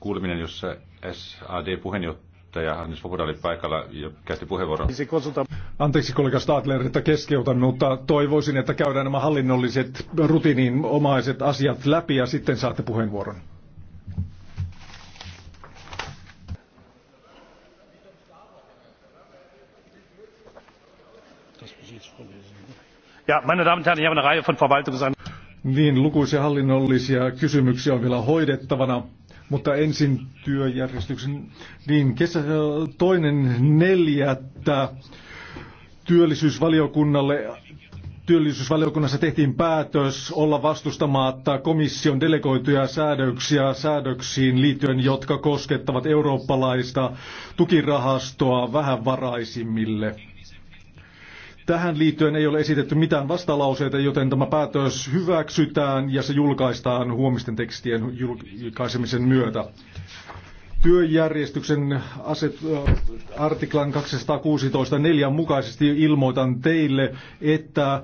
kuuleminen, jossa SAD-puheenjohtaja Hannes Vopoda oli paikalla ja käytti puheenvuoron. Anteeksi kollega Stadler, että keskeytän, mutta toivoisin, että käydään nämä hallinnolliset rutiininomaiset asiat läpi ja sitten saatte puheenvuoron. Ja, meine Damen und Herren, ich habe eine Reihe von Niin, lukuisia hallinnollisia kysymyksiä on vielä hoidettavana. Mutta ensin työjärjestyksen, niin kesä, toinen neljättä työllisyysvaliokunnalle työllisyysvaliokunnassa tehtiin päätös olla vastustamatta komission delegoituja säädöksiä säädöksiin liittyen, jotka koskettavat eurooppalaista tukirahastoa vähävaraisimmille. Tähän liittyen ei ole esitetty mitään vastalauseita, joten tämä päätös hyväksytään ja se julkaistaan huomisten tekstien julkaisemisen myötä. Työjärjestyksen aset, äh, artiklan 216.4 mukaisesti ilmoitan teille, että äh,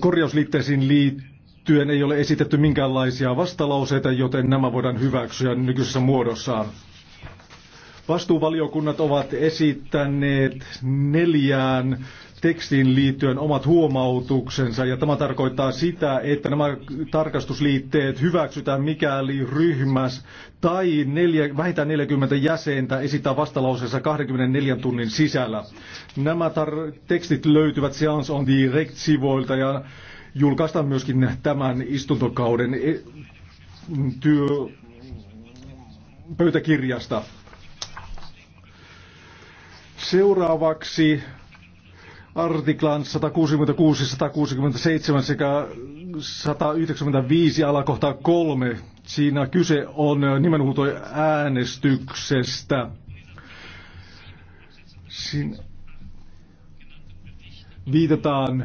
korjausliitteisiin liittyen ei ole esitetty minkäänlaisia vastalauseita, joten nämä voidaan hyväksyä nykyisessä muodossaan. Vastuuvaliokunnat ovat esittäneet neljään tekstiin liittyen omat huomautuksensa, ja tämä tarkoittaa sitä, että nämä tarkastusliitteet hyväksytään mikäli ryhmäs tai neljä, vähintään 40 jäsentä esittää vastalauseessa 24 tunnin sisällä. Nämä tar- tekstit löytyvät Seance on Direct-sivuilta ja julkaistaan myöskin tämän istuntokauden e, työ pöytäkirjasta. Seuraavaksi artiklan 166, 167 sekä 195 alakohta 3. Siinä kyse on nimenhuuto äänestyksestä. Siinä viitataan